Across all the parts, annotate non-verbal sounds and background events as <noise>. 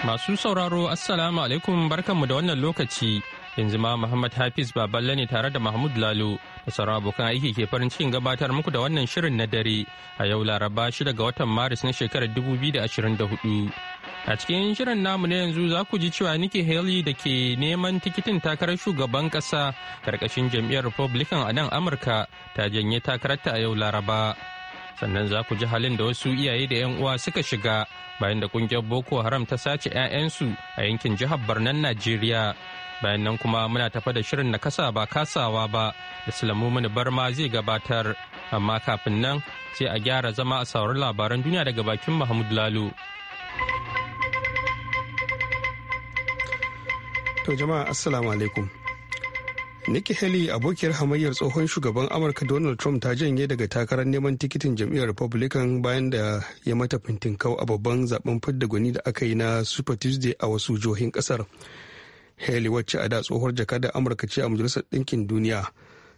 Masu sauraro Assalamu alaikum barkanmu da wannan lokaci yanzu ma Muhammad Hafiz Baballe ne tare da Mahmud Lalo da sauran abokan aiki ke farin cikin gabatar muku da wannan shirin na dare a yau Laraba shi daga watan Maris na shekarar 2024. A cikin shirin namu na yanzu za ku ji cewa Nikki Haley da ke neman tikitin takarar shugaban kasa karkashin jam'iyyar Republican a nan Amurka ta janye takararta a yau Laraba. sannan za ku ji halin da wasu iyaye da 'yan uwa suka shiga bayan da kungiyar boko haram ta sace 'ya'yansu a yankin jihar barnan najeriya bayan nan kuma muna tafa da shirin na kasa ba kasawa ba da silamu mini barma zai gabatar amma kafin nan sai a gyara zama a saurin labaran duniya daga bakin mahmud lalo to jama'a assalamu alaikum Nikki Haley abokiyar hamayyar tsohon shugaban Amurka Donald Trump ta janye daga takarar neman tikitin jam'iyyar Republican bayan da ya mata fintinkau a babban zaben fidda gwani da aka yi na Super Tuesday a wasu jihohin kasar. Haley wacce a da tsohuwar jakada Amurka ce a Majalisar Ɗinkin Duniya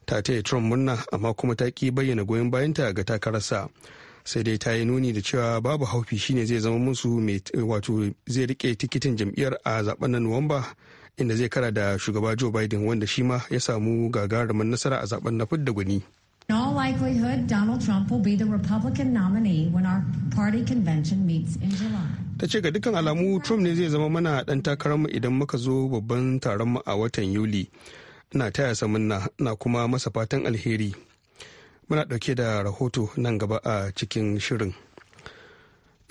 ta taya Trump murna amma kuma ta ki bayyana goyon bayanta ga takararsa. Sai dai ta yi nuni da cewa babu haufi shine zai zama musu wato zai rike tikitin jam'iyyar a zaben na Nuwamba. inda zai kara da shugaba joe biden wanda shi ma ya samu gagarumin nasara a zaben na fidda gwani In all likelihood, Donald Trump will be the Republican nominee when our party convention meets in July. Ta ce ga dukkan alamu Trump ne zai zama mana dan takararmu idan muka zo babban taron mu a watan Yuli. Ina taya samunna na kuma masa fatan alheri. Muna dauke da rahoto nan gaba a cikin shirin.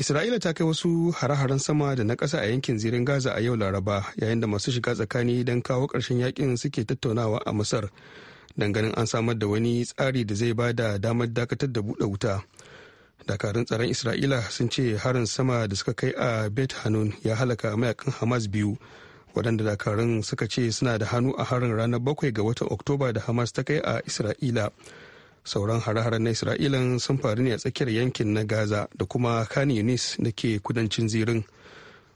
Isra'ila ta kai wasu hare-haren sama da na ƙasa a yankin zirin Gaza a yau Laraba yayin da masu shiga tsakani don kawo ƙarshen yakin suke tattaunawa a Masar danganin an samar da wani tsari da zai ba da damar dakatar da buɗe wuta. Dakarun tsaron Isra'ila sun ce harin sama da suka kai a Bet Hanun ya halaka mayakan Hamas biyu waɗanda dakarun suka ce suna da hannu a harin ranar bakwai ga watan Oktoba da Hamas ta kai a Isra'ila. sauran hare-hare na isra'ila sun faru ne a tsakiyar yankin na gaza da kuma khan yunis da ke kudancin zirin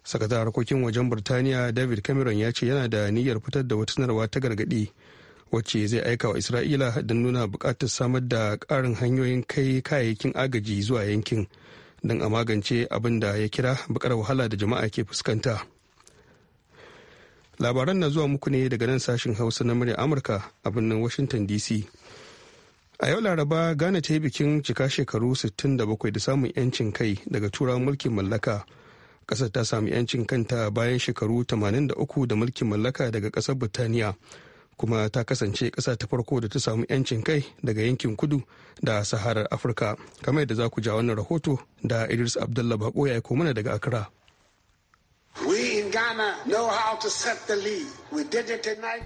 sakatar harkokin wajen birtaniya david cameron ya ce yana da niyyar fitar da wata sanarwa ta gargadi wacce zai aika wa isra'ila don nuna bukatar samar da karin hanyoyin kai kayayyakin agaji zuwa yankin don a magance abin da ya kira bakar wahala da jama'a ke fuskanta labaran na zuwa muku ne daga nan sashen hausa na murya amurka a birnin washington dc a yau laraba ghana ta yi bikin cika shekaru 67 da samun 'yancin kai daga turawan mulkin mallaka kasar ta samu 'yancin kanta bayan shekaru 83 da mulkin mallaka daga ƙasar birtaniya kuma ta kasance ƙasa ta farko da ta samu 'yancin kai daga yankin kudu da saharar afirka kamar yadda za ku ja wannan rahoto da idris abdullah bako ya yi mana daga accra we in ghana know how to set the lead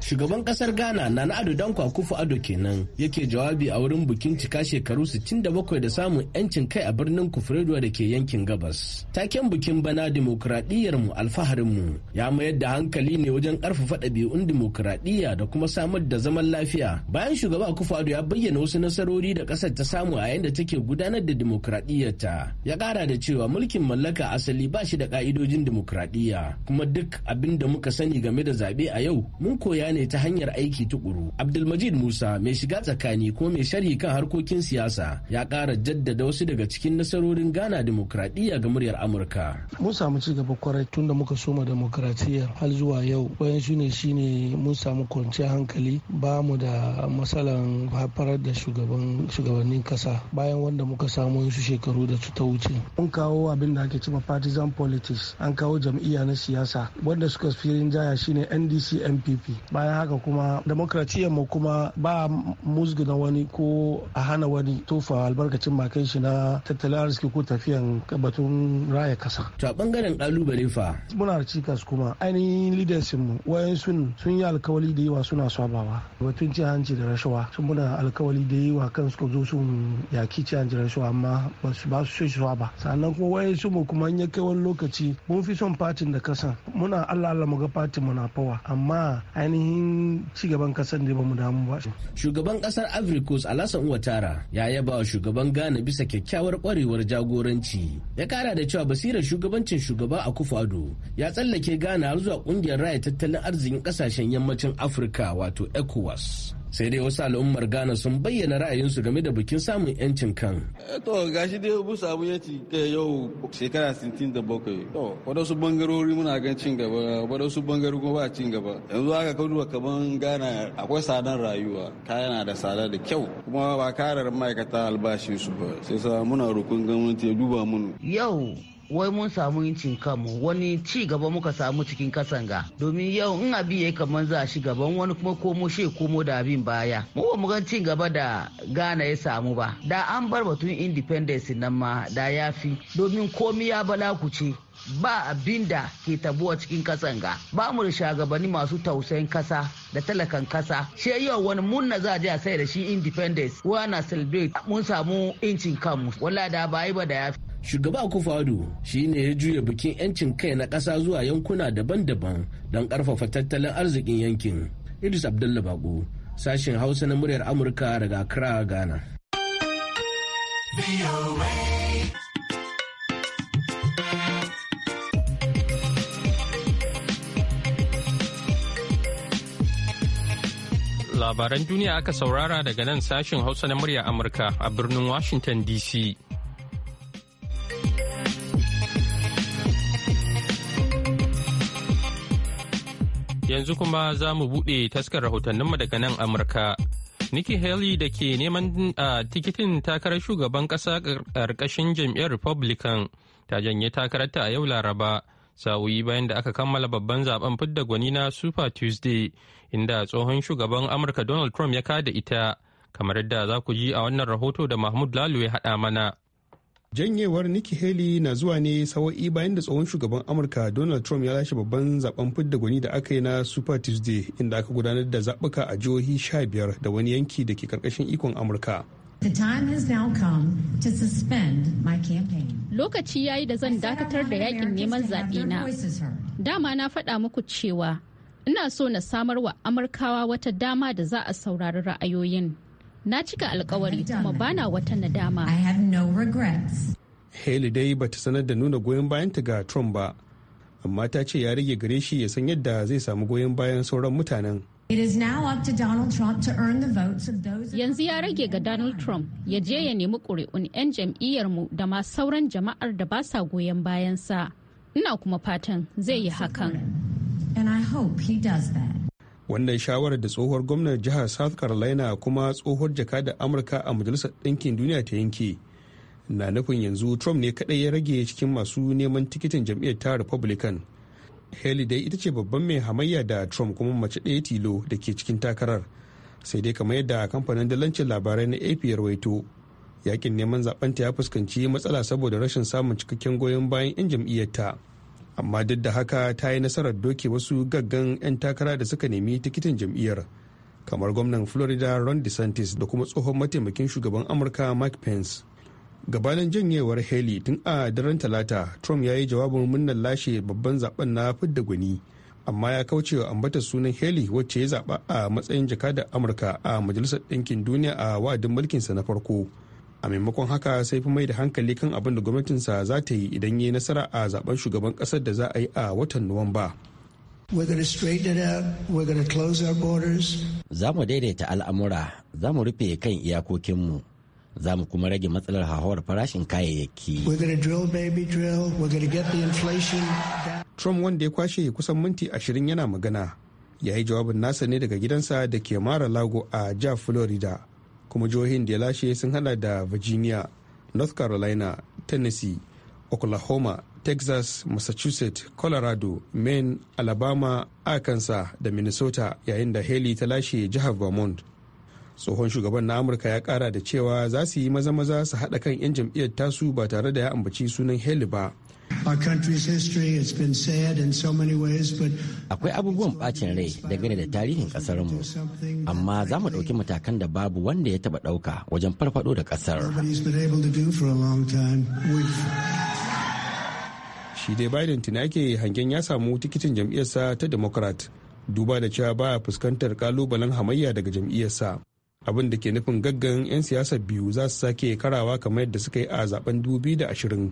Shugaban kasar Ghana na Ado Danko Akufo Ado kenan yake jawabi a wurin bikin cika shekaru 67 da samun 'yancin kai a birnin Kufredo da ke yankin gabas. Taken bikin bana dimokuraɗiyyarmu alfaharinmu ya mayar da hankali ne wajen ƙarfafa ɗabi'un dimokuraɗiyya da kuma samar da zaman lafiya. Bayan shugaba Akufo Ado ya bayyana wasu nasarori da ƙasar ta samu a yayin da take gudanar da dimokuraɗiyyarta. Ya ƙara da cewa mulkin mallaka asali ba shi da ƙa'idojin dimokuraɗiyya kuma duk abin da muka sani game da zaɓe a a yau mun koya ne ta hanyar aiki tukuru. Abdulmajid Musa mai shiga tsakani ko mai sharhi kan harkokin siyasa ya kara jaddada wasu daga cikin nasarorin Ghana demokradiyya ga muryar Amurka. Mun samu ci gaba kwarai tun da muka soma demokradiyya har zuwa yau. Bayan shi ne shine mun samu kwanciyar hankali ba mu da matsalan haifar da shugabannin kasa bayan wanda muka samu su shekaru da su ta wuce. Mun kawo abin da ake cewa partisan politics an kawo jam'iyya na siyasa wanda suka fi rinjaya shine NDC apc npp bayan haka kuma demokratiyyar mu kuma ba musguna wani ko a hana wani tofa albarkacin makin shi na tattalin arziki ko tafiyan batun raya kasa to a bangaren kalubale fa muna da cikas kuma ainihin leadership mu wayan sun sun yi alkawali da yawa suna sabawa batun ci hanci da rashawa sun muna alkawali da yawa kan su zo sun yaki ci hanci rashawa amma ba su ba su ba sannan kuma wayan sun mu kuma in ya kai wani lokaci mun fi son fatin da kasa muna allah allah mu ga fatin mu na fawa amma ainihin cigaban kasar da ba mu damu ba. Shugaban kasar Africus Alasan Ouattara ya yaba wa shugaban Ghana bisa kyakkyawar kwarewar jagoranci. Ya kara da cewa basirar shugabancin shugaba a Kufado ya tsallake Ghana har zuwa kungiyar raya tattalin arzikin kasashen yammacin Afirka wato ECOWAS. sai dai wasu al'ummar ghana sun bayyana ra'ayinsu game da bikin samun yancin kan eh, to gashi dai mun samu yanci yau shekara 67 to wadansu bangarori muna gan cin gaba wadansu bangarori kuma ba cin gaba yanzu aka duba kaman ghana akwai tsadar rayuwa kaya na da tsada da kyau kuma ba karar ma'aikata albashinsu ba sai sa muna roƙon gwamnati ya duba mun yau wai mun samu incin kanmu wani ci gaba muka samu cikin kasanga domin yau in abi yayi kamar za shi gaban wani kuma komo she komo da abin baya mu ba mu ga ci gaba da gana ya samu ba da an bar batun independence nan ma da fi domin komi ya balakuce ba abin da ke tabuwa cikin kasan ga ba mu da shagabanni masu tausayin kasa da talakan kasa shi yau wani munna za a sai da shi independence na celebrate mun samu incin kanmu wala da ba yi ba da yafi shugaba kufadu shi ne ya juya bikin 'yancin kai na ƙasa zuwa yankuna daban-daban don ƙarfafa tattalin arzikin yankin idris Abdullahi bako sashen hausa na muryar amurka daga accra ghana Labaran duniya aka saurara daga nan sashin Hausa na murya Amurka a birnin Washington DC. Yanzu kuma za mu buɗe taskar rahotanninmu daga nan Amurka. Nikki Haley da ke neman a tikitin takarar shugaban ƙasa ƙarƙashin jam'iyyar Republican ta janye takararta a yau Laraba. sa'o'i bayan da aka kammala babban zaben fidda gwani na super tuesday inda tsohon shugaban amurka donald trump ya kada ita kamar yadda za ku ji a wannan rahoto da mahmud lalu ya haɗa mana janyewar nikki haley na zuwa ne sawa'i bayan da tsohon shugaban amurka donald trump ya lashe babban zaben fidda gwani da aka yi na super tuesday inda aka gudanar da zaɓuka a jihohi 15 da wani yanki da ke karkashin ikon amurka lokaci ya yi da zan dakatar da yakin neman zaɓe na. Dama na faɗa muku cewa ina so na samar wa Amurkawa wata dama da za a saurari ra'ayoyin. Na cika alkawari kuma bana wata nadama. I no Haley dai bata sanar da nuna goyon bayanta ga Trump ba, amma ta ce ya rage gare shi ya san yadda zai samu goyon bayan sauran mutanen. Yanzu ya rage ga Donald Trump ya je ya nemi ƙuri'un 'yan jam'iyyarmu da ma sauran jama'ar da ba sa goyon bayansa. Ina kuma fatan zai yi hakan. Wannan shawarar da tsohuwar gwamnar jihar South Carolina kuma tsohuwar da Amurka a Majalisar Ɗinkin Duniya ta yanke. Na nufin yanzu Trump ne kaɗai ya rage cikin masu neman tikitin jam'iyyar ta Republican. haley dai ita ce babban mai hamayya da trump kuma mace ɗaya tilo da ke cikin takarar sai dai kamar yadda kamfanin dalancin labarai na ap ya rawaito yakin neman zaɓenta ya fuskanci matsala saboda rashin samun cikakken goyon bayan 'yan jam'iyyarta amma duk da haka ta yi nasarar doke wasu gaggan 'yan takara da suka nemi tikitin jam'iyyar kamar gwamnan florida ron desantis da kuma tsohon mataimakin shugaban amurka mike pence gabanin janyewar haley tun a daren talata trump ya yi jawabin murnar lashe babban zaben na fidda gwani amma ya kauce wa ambatar sunan haley wacce ya zaba a matsayin jakadar amurka a majalisar ɗinkin duniya a wa'adin mulkinsa na farko a maimakon haka sai fi mai da hankali kan abin da gwamnatinsa za ta yi idan ya yi nasara a zaben shugaban ƙasar da za a yi a watan nuwamba za mu daidaita al'amura za mu rufe kan iyakokinmu za mu kuma rage matsalar hauhawar farashin kayayyaki. Trump wanda ya kwashe kusan minti ashirin yana magana ya yi jawabin nasa ne daga gidansa da ke mara lago a ja Florida kuma jihohin da ya lashe sun hada da Virginia, North Carolina, Tennessee, Oklahoma, Texas, Massachusetts, Colorado, Maine, Alabama, Arkansas da Minnesota yayin da Haley ta lashe jihar Vermont. tsohon shugaban na amurka ya kara da cewa za su yi maza-maza su haɗa kan 'yan jam'iyyar tasu ba tare da ya ambaci sunan heli ba akwai abubuwan bacin rai dangane da tarihin mu amma za mu ɗauki matakan da babu wanda ya taɓa ɗauka wajen farfaɗo da ƙasar shi dai biden tinake hangen ya samu tikitin jam'iyyarsa ta democrat duba da cewa baya fuskantar kalubalen hamayya daga jam'iyyarsa abin da ke nufin gaggan 'yan siyasar biyu za su sake karawa kamar yadda suka yi a zaben 2020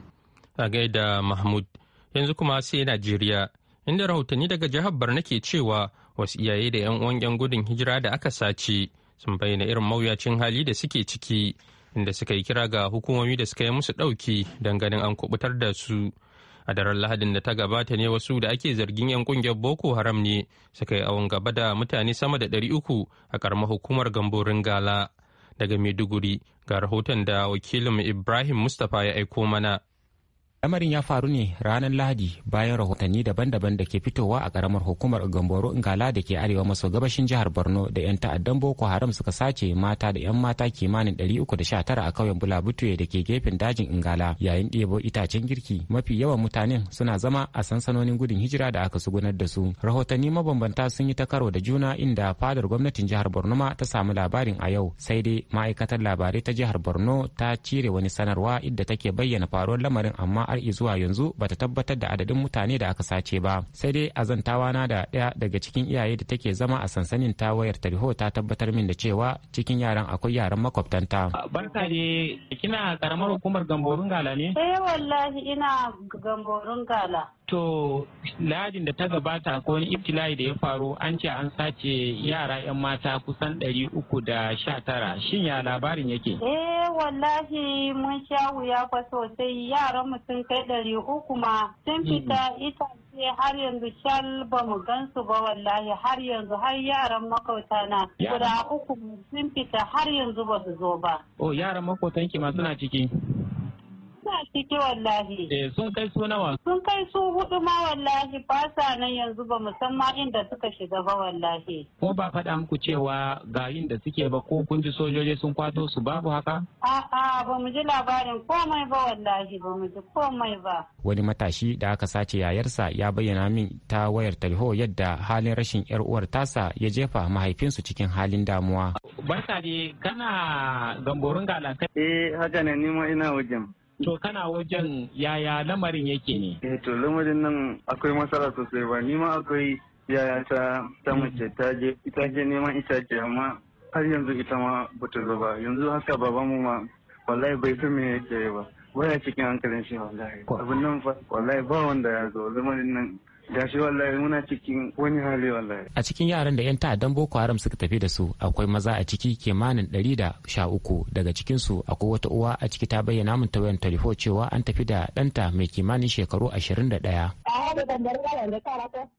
a gaida mahmud yanzu kuma sai najeriya inda rahotanni daga jihar barna ke cewa wasu iyaye da 'yan uwan 'yan gudun hijira da aka sace sun bayyana irin mawuyacin hali da suke ciki inda suka yi kira ga hukumomi da suka yi musu ɗauki don ganin an kubutar da su a daren lahadin da ta gabata ne wasu da ake zargin 'yan kungiyar boko haram ne suka yi awon gaba da mutane sama da ɗari uku a karamar hukumar gamborin gala daga maiduguri ga rahoton da wakilin ibrahim mustapha ya aiko mana lamarin ya faru ne ranar lahadi bayan rahotanni daban-daban da ke fitowa a karamar hukumar gamboro ingala da ke arewa maso gabashin jihar borno da 'yan ta'addan boko haram suka sace mata da 'yan mata kimanin 319 a kauyen bulabutuwe da ke gefen dajin ingala yayin ɗebo itacen girki mafi yawan mutanen suna zama a sansanonin gudun hijira da aka sugunar da su rahotanni mabambanta sun yi ta karo da juna inda fadar gwamnatin jihar borno ma ta samu labarin a yau sai dai ma'aikatar labarai ta jihar borno ta cire wani sanarwa inda take bayyana faruwar lamarin amma har zuwa yanzu ba ta tabbatar da adadin mutane da aka sace ba sai dai azantawa na da ɗaya daga cikin iyaye da take zama a sansanin ta wayar tariho ta tabbatar min da cewa cikin yaran akwai yaran makwabtanta. barka ne kina karamar hukumar gamborun gala ne. eh wallahi ina gamborun gala. To ladin da ta gabata ko wani ibtila'i da ya faru an ce an sace yara 'yan mata kusan ɗari uku da sha tara shin ya labarin yake? Eh wallahi mun sha wuya fa sosai yaran mu sun kai ɗari uku ma sun fita ita har yanzu shal ba mu gansu ba wallahi har yanzu har yaran makauta na guda uku sun fita har yanzu ba su zo ba. Oh yaran makotanki ma suna ciki. sa ciki wallahi. Eh sun kai su nawa? Sun kai su hudu ma wallahi ba sa nan yanzu ba musamman inda suka shiga ba wallahi. Ko ba faɗa muku cewa ga inda suke ba ko kun ji sojoji sun kwato su babu haka? A'a ba mu ji labarin komai ba wallahi ba mu ji komai ba. Wani matashi da aka sace yayarsa ya bayyana min ta wayar talho yadda halin rashin yar uwar tasa ya jefa mahaifinsu cikin halin damuwa. Barka kana gamborin galakai. Eh haka ne ni ma ina wajen. To kana wajen hmm. yaya lamarin yake ne? Eh to lamarin nan akwai matsala sosai ba ni ma akwai yaya ta ta hmm. mace ta je ita je neman itace amma har yanzu ita ma bata zo ba yanzu haka mu ma wallahi bai san me yake ba baya cikin hankalin shi wallahi abin nan wallahi ba wanda ya zo lamarin nan gashi wallahi muna cikin wani hali wallahi a cikin yaran da yan ta'addan boko haram suka tafi da su akwai maza a ciki kimanin ɗari da sha uku daga cikinsu akwai wata uwa a ciki ta bayyana min ta wayan talifo cewa an tafi da ɗanta mai kimanin shekaru ashirin da ɗaya.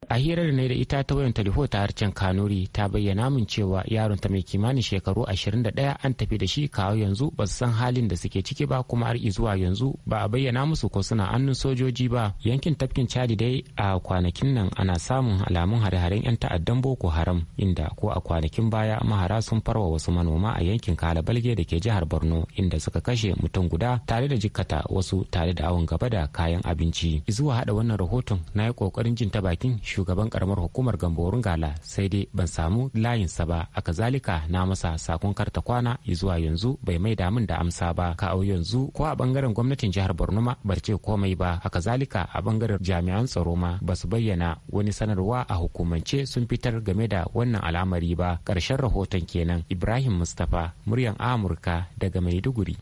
a hirar da ne da ita ta wayan talifo ta harcen kanuri ta bayyana min cewa yaron ta mai kimanin shekaru ashirin da ɗaya an tafi da shi kawo yanzu ba su san halin da suke ciki ba kuma har zuwa yanzu ba a bayyana musu ko suna hannun sojoji ba yankin tafkin cadi dai a kwana kwanakin nan ana samun alamun hare-haren 'yan ta'addan boko haram inda ko a kwanakin baya mahara sun farwa wasu manoma a yankin kalabalge da ke jihar borno inda suka kashe mutum guda tare da jikkata wasu tare da awon gaba da kayan abinci zuwa hada wannan rahoton na yi kokarin jin ta bakin shugaban karamar hukumar gamborun gala sai dai ban samu layinsa ba a kazalika na masa sakon karta kwana zuwa yanzu bai mai damun da amsa ba ka yanzu ko a bangaren gwamnatin jihar borno ma barce komai ba a kazalika a bangaren jami'an tsaro ma basu bayyana wani sanarwa a hukumance sun fitar game da wannan al'amari ba ƙarshen rahoton kenan ibrahim mustapha muryan amurka daga maiduguri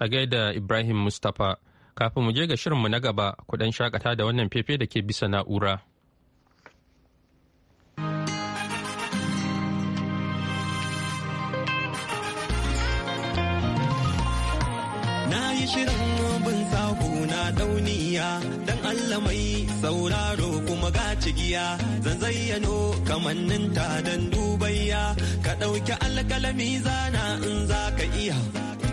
a gaida ibrahim mustapha kafin mu je ga shirin mu na gaba kudan shakata da wannan fefe da ke bisa na'ura na yi shirin shago na dauniya dan Allah mai sauraro kuma ga cigiya zan zayyano kamanninta dan dubayya ka ɗauki alkalami zana in za ka iya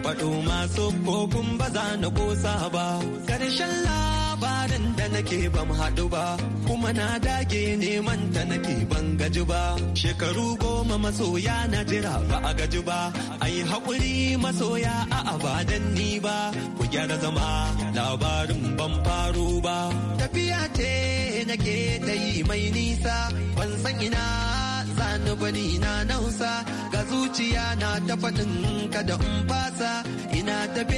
faɗo masu kokun ba za na ƙosa ba ƙarshen la labarin da nake ban haɗu ba kuma na dage neman ta nake ban gaji ba shekaru goma masoya na jira ba a gaji ba ai haƙuri masoya a abadan ni ba ku gyara zama labarin ban faru ba tafiya ce nake ta yi mai nisa ban san ina sani gwani na nausa ga zuciya na ta faɗin kada in fasa ina tafe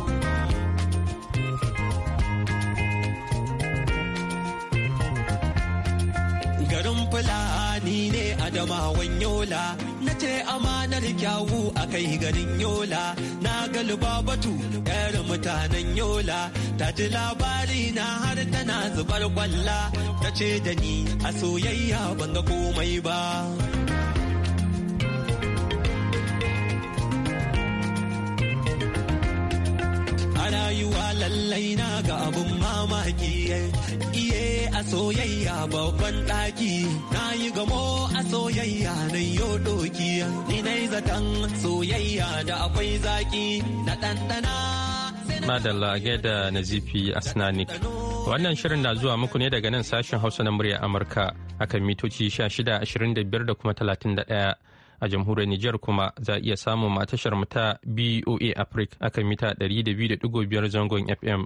garin fulani ne adamawan yola na ce amanar kyawu a kai garin yola na galiba batu ɗaya mutanen yola ta ji labari na har tana zubar kwalla ta ce da ni a soyayya ban ga komai ba rayuwa lallai na ga abun mamaki iye a soyayya babban ɗaki na yi gamo a soyayya na yo doki ni na zaton soyayya da akwai zaki na ɗanɗana madalla da nazifi asnanik wannan shirin na zuwa muku ne daga nan sashen hausa na murya amurka akan mitoci 25 da kuma 31 a jamhuriyar Nijar kuma za iya samun matashar mu ta BOA Africa akan mita 200.5 zangon FM.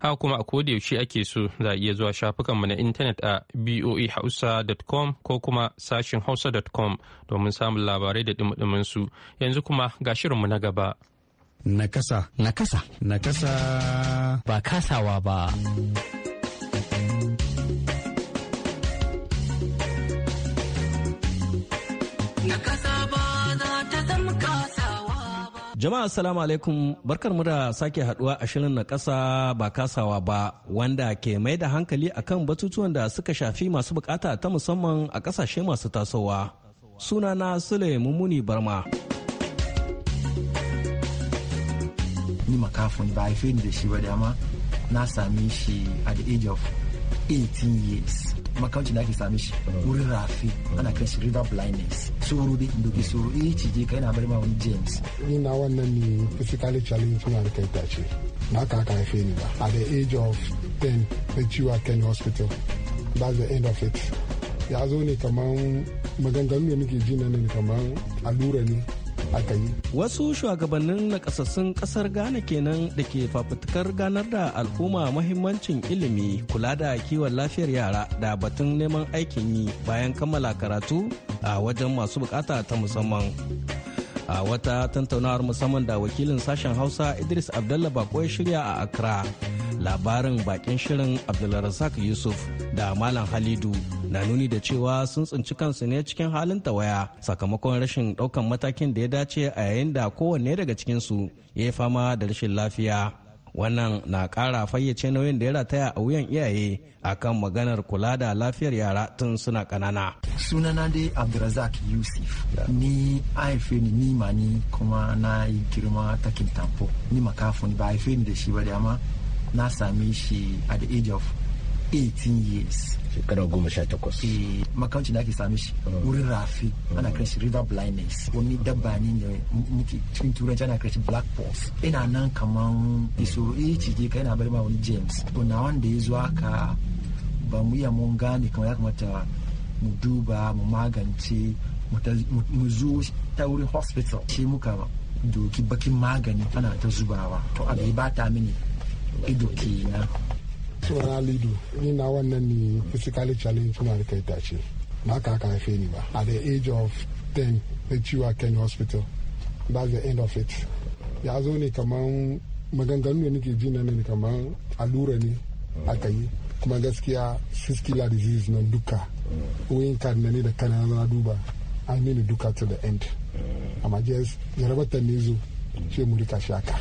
Haka kuma a koda yaushe ake so za a iya zuwa shafukanmu na intanet a boahausa.com ko kuma sashin hausa.com domin samun labarai da dumudumin su. Yanzu kuma ga shirinmu na gaba. Nakasa. Nakasa. Nakasa. Ba kasawa ba. Jama'a salamu alaikum barkar mu sake haduwa a shirin na kasa ba kasawa ba wanda ke mai da hankali akan batutuwan da suka shafi masu bukata ta musamman a kasashe masu tasowa. Sunana Sule Mummuni Barma. Ni makafin ba haife ni da shi ba dama na sami shi at the age of 18 years. makauci da ake sami shi wurin rafi ana kai shi river blindness tsoro dai doki tsoro eh cije kai na barma wani james ni na wannan ne physical challenge na da kai tace na ka ka haife ni ba at the age of 10 na ciwa kenya hospital that's the end of it ya zo ne kaman maganganu da muke ji nan ne kaman allura ne aka yi wasu shugabannin nakasassun kasar ghana kenan da ke fafutukar ganar da al'umma mahimmancin ilimi kula da kiwon lafiyar yara da batun neman aikin yi bayan kammala karatu a wajen masu bukata ta musamman a wata tantaunawar musamman da wakilin sashen hausa idris abdallah bako shirya a accra labarin bakin shirin Abdullahi yusuf da malam halidu na nuni da cewa sun tsinci kansu ne cikin halin tawaya sakamakon rashin ɗaukan matakin da ya dace a yayin da kowanne daga cikin su ya yi fama da rashin lafiya wannan na kara fayyace nauyin da ya rataya a wuyan iyaye akan maganar kula da lafiyar yara tun suna kanana sunana dai abdulrazak yusuf ni haife ni ni ma ni kuma na yi girma takin tamfo ni makafu ni ba haife ni da shi ba da amma na same shi at the age of 18 years shekara goma sha takwas eh, makauci da ake sami shi mm. wurin rafi mm. ana kira shi river blindness wani dabba ne da muke cikin turanci ana kira shi black pulse ina nan kaman isoro mm. eh cike ka yana bari ma wani james to na wanda ya zo aka ba mu iya mun gane kamar ya kamata mu duba mu magance mu zo ta wurin hospital shi muka doki bakin magani ana ta zubawa to abu ba ta mini ido kenan Tsoron Alidu, ni na wannan ni physically challenge na da ta tace. Na ka aka haife ni ba. At the age of 10, na chiwa Ken Hospital. That's the end of it. Ya zo ne kaman maganganu da nake ji nan ne kaman allura ne aka yi. Kuma gaskiya siscular disease na duka. Wayin kan ne da kana na duba. An mean duka to the end. Amma jes jarabatar ne zo. Ce mu rika shaka.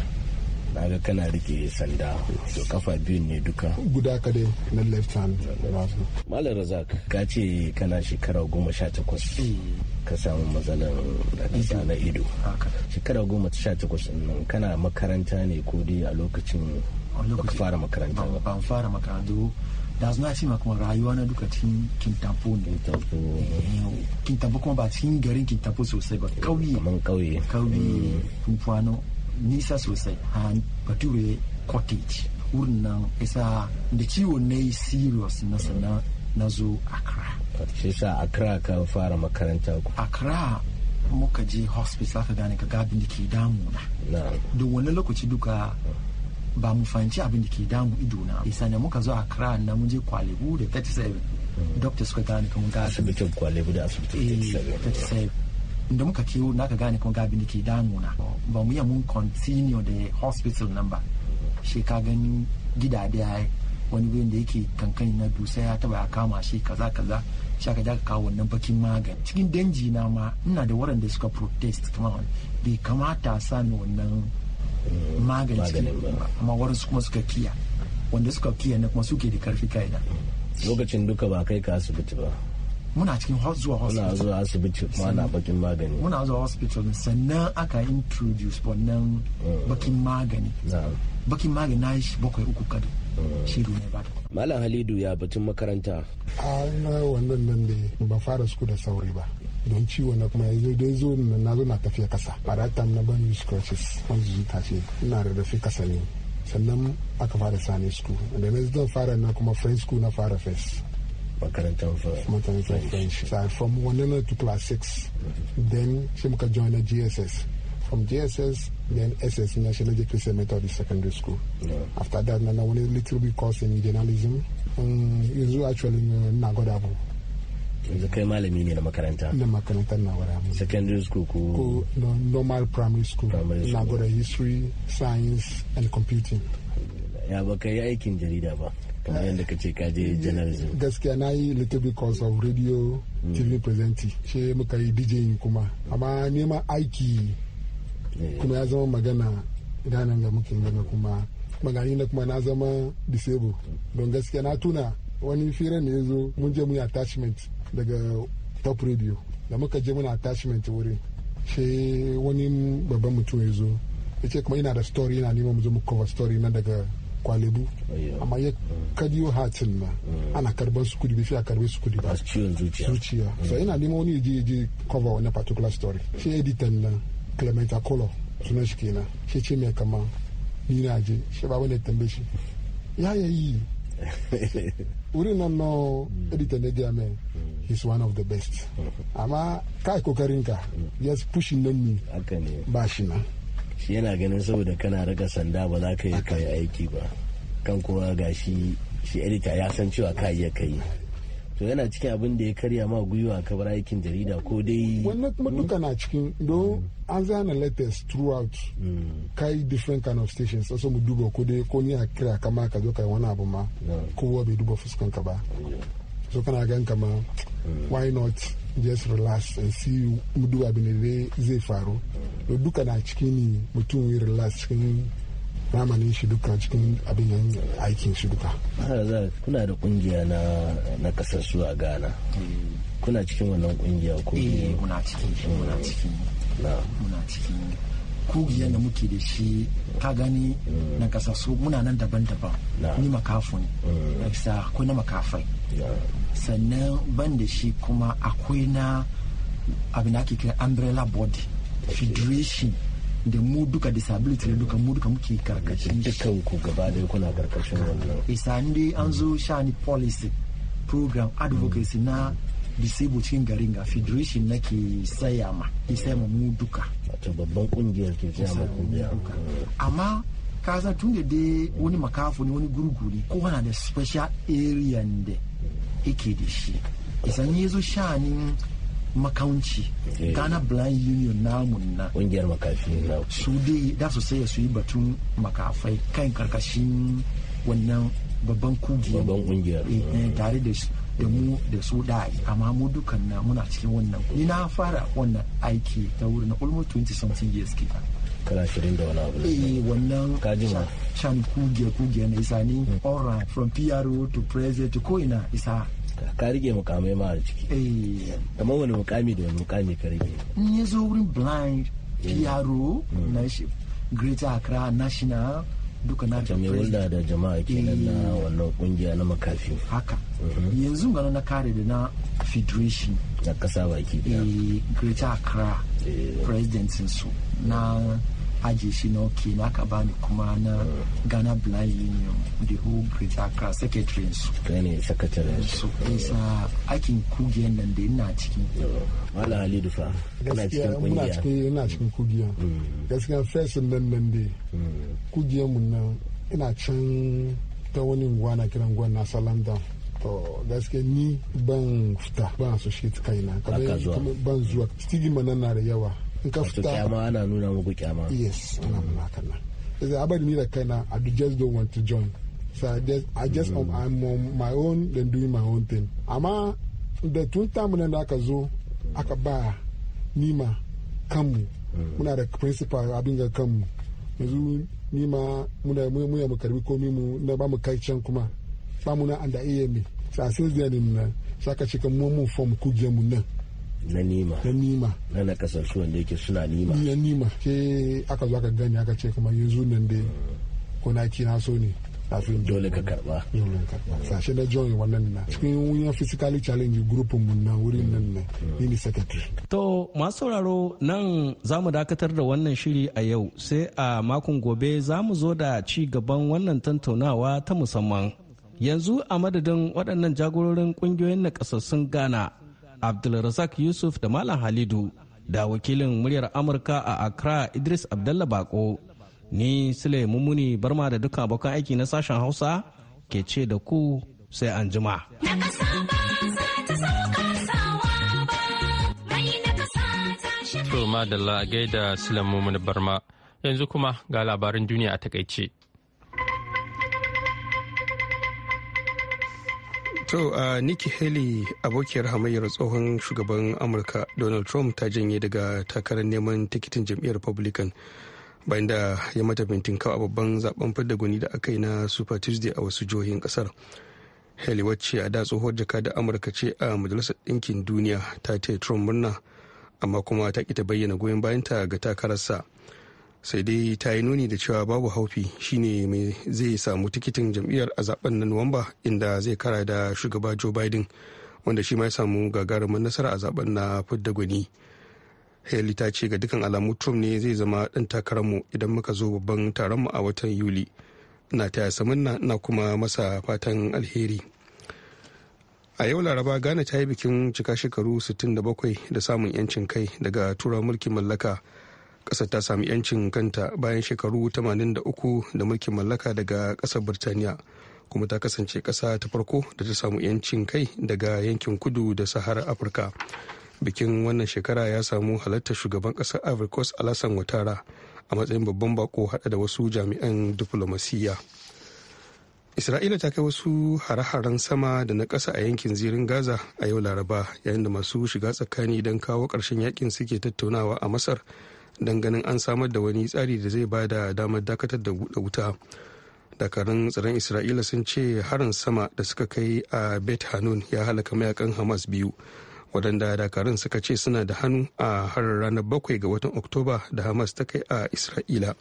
kaga kana rike sanda to kafa biyun ne duka guda ka dai na left hand malam razak ka ce kana shekara goma sha takwas ka samu matsalar hadisa na ido shekara goma sha takwas nan kana makaranta ne ko dai a lokacin ka fara makaranta ba ban fara makarantu da suna ce kuma rayuwa na duka cikin kintampo ne kintampo eh, kuma ba cikin garin kintampo sosai ba eh, kauye kaman kauye kauye mm. kumfano nisa sosai a bature cottage wurin nan isa da ciwo na yi serious na sana na zo accra shi sa accra ka fara makaranta ku accra muka je hospital ka gane ka ga abin da ke na don wani lokaci duka ba mu fahimci abin da ke damu na isa ne muka zo accra na mun je kwalibu da 37 mm. doctor suka gane kamar ga asibitin kwalibu da asibitin 37 eh, da muka kiwo na ka gane kuma gabi ke damuna ba mu yi mun continue da hospital nan ba shi ka gani gidade ya wani wurin da yake kankani na dusa ya taba ya kama shi kaza kaza sha ka ka kawo wannan bakin magani cikin danji na ma ina da da suka protest kamar bai kamata sani wannan magani cikin amma su kuma suka kiya wanda suka kiya na kuma suke da karfi kaina lokacin duka ba kai ka asibiti ba muna cikin zuwa hospital muna zuwa asibiti kuma ana bakin magani muna zuwa hospital sannan aka introduce wannan mm. bakin magani bakin magani na shi bakwai uku kadu mm. shiru ne ba malam halidu ya batun makaranta a wannan nan ne ba fara su da sauri ba don ciwo na kuma yanzu don zo na zo na tafiya kasa ba da ta na ban scratches crutches wani ta ce ina da dafi kasa ne sannan aka fara sani school da na zan fara na kuma french school na fara fes makarantar makarantar french so from 100 to class 6 mhm. then sai muka join a gss from JSS, then SS, National education method in Secondary School. Yeah. After that, I went a little bit course in journalism. Um, yanzu actually uh, na gwada abu. Yanzu kai malami ne na makaranta? Na makaranta na wara abu. Secondary school ko? Ko no, normal primary school. Primary school. Na gwada history, science and computing. Ya ba kai aikin jarida ba? kamar yadda ka ce gaskiya na yi little because of radio mm. tv presenting she muka yi dj kuma amma neman aiki eh. kuma ya zama magana ranar ga muke gana kuma magani na kuma na zama disable don gaskiya na tuna wani firan ne zo mun je mun attachment daga top radio da muka je muna attachment wurin shi wani babban mutum ya zo ya ce kuma ina da story yana neman mu zo mu cover story na daga Kwalebu amma ya kadiyo hatin na mm. ana karban su kudi bifi a karbe su kudi ba zuciya zuciya mm. so ina neman wani yaji yaji cover wani particular story shi editan na clement akolo suna shi kenan shi ce mai kama ni na je shi ba wani tambe shi ya yayi <laughs> wurin nan no mm. editan ne dia mai is one of the best <laughs> amma kai kokarin ka yes pushing nan ni ba shi na shi yana ganin saboda kana raka sanda ba za ka yi kai aiki ba kan kuma ga shi shi edita ya san cewa ka iya kai to yana cikin abin da ya karya ma gwiwa ka bar aikin jarida ko dai wannan kuma duka na cikin don hmm. an zana letters throughout hmm. kai different kind of stations sai mu duba ko dai ko ni a kira kama ka zo kai wani abu ma kowa bai duba fuskan ka ba so kana gan kama why not just relax and see mudu abin da zai faru to duka na cikin mutum ya relax cikin ramanin shi duka cikin abin yan aikin shi duka kuna da kungiya na na kasar su a Ghana kuna cikin wannan kungiya ko eh muna cikin kuna mm. cikin muna cikin kugiya da muke da shi ka gani mm. na su muna nan daban-daban ni makafu ne na bisa ko na makafai sannan ban da shi kuma akwai na abin da ake kira umbrella body federation da mu duka disability duka mu duka muke karkashin dukkan ku gaba da kuna karkashin wannan isa eh, ndi an zo mm. shani policy program advocacy mm. na disabled cikin garin ga federation ke saya ma saya ma mu duka wato babban kungiyar ke ce ma kungiya mm. amma ka tun da dai wani makafu ne wani gurguri ko na da special area ne yake da shi isan ya zo sha'anin makaunci eh. ghana blind union namun na ƙungiyar makafi na su dai da su sai su yi batun makafai kan karkashin wannan babban kugiyar babban ƙungiyar eh, eh, mm. tare da da mu da su da amma mu dukan na muna cikin wannan ni na fara wannan aiki ta wurin almost 20 something years kita kana shirin da wani abu eh wannan shan kugiyar kugiyar na isa ni mm. all right from PRO to president to ko ina isa ka rige mukamai ma a ciki eh. kamar wani mukami da wani mukami ka rige in ya zo wurin blind yaro eh. hmm. na shi greater accra national duka na da jama'a kenan na eh. wannan kungiya na makafi haka mhm. yanzu gano na kare da na federation na kasa baki da greater accra president su na ajiye shi na oke na bani kuma na hmm. ghana blind union the home ka secretary su kai ne secretary su isa akin kugiyar nan da ina cikin wala halidu fa ina cikin kungiya muna mm. cikin kugiya gaskiya fesin nan nan dai mm. kugiyar mun nan ina can ta wani gwana kiran gwana salanda to gaske ni ban fita ban associate kaina ban zuwa stigma nan na da yawa in ka fita kyama ana nuna muku kyama yes ana nuna kana is abadi ni da kaina i just don't want to join So I just, I just mm. I'm on my own then doing my own thing. Amma da tun tamunan da aka zo aka ba nima kanmu mm. muna da principal abin ga kanmu yanzu nima muna muya mu karbi komi mu na ba mu kai can kuma ba mu na anda iya mi sa since then din na uh, saka cikin mu mun form je mu na na nima na nima na na kasar su wanda yake suna nima na nima ke aka zo aka gani aka ce kuma yanzu nan dai mm. ko na ki na so ne kafin dole ka karba sashe da joy wannan na cikin wuyan physical challenge grupin mun na wurin nan ni ne secretary to masu sauraro nan za mu dakatar da wannan shiri a yau sai a makon gobe zamu zo da ci gaban wannan tantaunawa ta musamman yanzu a madadin waɗannan jagororin ƙungiyoyin nakasassun ghana abdulrazak yusuf da malam halidu da wakilin muryar amurka a accra idris abdallah bako Ni Sule Mumuni Barma da duka abokan aiki na sashen Hausa ke ce da ku sai an jima. madalla a gaida Sule mummuni Barma yanzu kuma ga labarin duniya a takaice. To a uh, Nikki Haley abokiyar hamayyar tsohon shugaban Amurka Donald Trump ta janye daga takarar neman tikitin jam'iyyar Republican. bayan da ya mata kawo a babban zaben fidda gwani da aka yi na super tuesday a wasu jihohin kasar haley wacce a da tsohuwar jaka da amurka ce a majalisar ɗinkin duniya ta ta trump murna amma kuma ta ƙi ta bayyana goyon bayanta ga takararsa sai dai ta yi nuni da cewa babu haufi shine mai zai samu tikitin jam'iyyar a zaben na nuwamba inda zai kara da shugaba joe biden wanda shi ma ya samu gagarumin nasara a zaben na fidda gwani. haley ta ce ga dukkan alamu trump ne zai zama ɗan takararmu idan muka zo babban taron mu a watan yuli na taya samanna na kuma masa fatan alheri a yau laraba ghana ta yi bikin cika shekaru 67 da samun yancin kai daga tura mulkin mallaka ƙasar ta sami yancin kanta bayan shekaru 83 da mulkin mallaka daga kasar birtaniya kuma ta kasance ƙasa ta farko da ta samu yancin kai daga yankin kudu da sahara afirka bikin wannan shekara ya samu halartar shugaban kasar ivory coast alasan watara a matsayin babban bako hada da wasu jami'an diflomasiyya isra'ila ta kai wasu hare-haren sama da na ƙasa a yankin zirin gaza a yau laraba yayin da masu shiga tsakani don kawo ƙarshen yakin suke tattaunawa a masar don ganin an samar da wani tsari da zai ba da damar dakatar da buɗe wuta dakarun tsaron isra'ila sun ce harin sama da suka kai a bet hanun ya halaka mayakan hamas biyu waɗanda dakarun suka ce suna da hannu a har ranar bakwai ga watan oktoba da hamas ta kai a isra'ila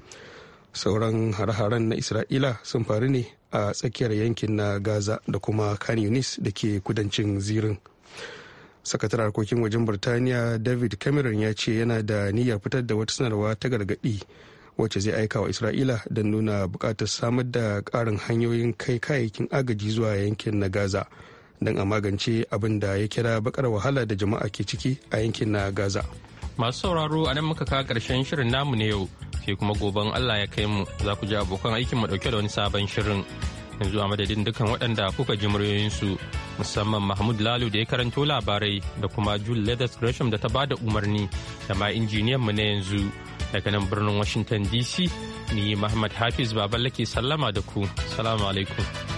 sauran har haren na isra'ila sun faru ne a tsakiyar yankin na gaza da kuma khan yunis da ke kudancin zirin sakatar harkokin wajen birtaniya david cameron ya ce yana da niyyar fitar da wata sanarwa ta gargaɗi wacce zai aika wa isra'ila don nuna buƙatar samar da ƙarin hanyoyin kai kayayyakin agaji zuwa yankin na gaza don a magance abin da ya kira bakar wahala da jama'a ke ciki a yankin na gaza masu sauraro a nan muka kawo karshen shirin namu ne yau sai kuma goben allah ya kai mu za ku ji abokan aikin mu dauke da wani sabon shirin yanzu a madadin dukkan waɗanda kuka ji muryoyinsu musamman mahmud lalu da ya karanto labarai da kuma jul leathers gresham da ta ba da umarni da ma injiniyan mu na yanzu daga nan birnin washington dc ni muhammad hafiz baballake sallama da ku salamu alaikum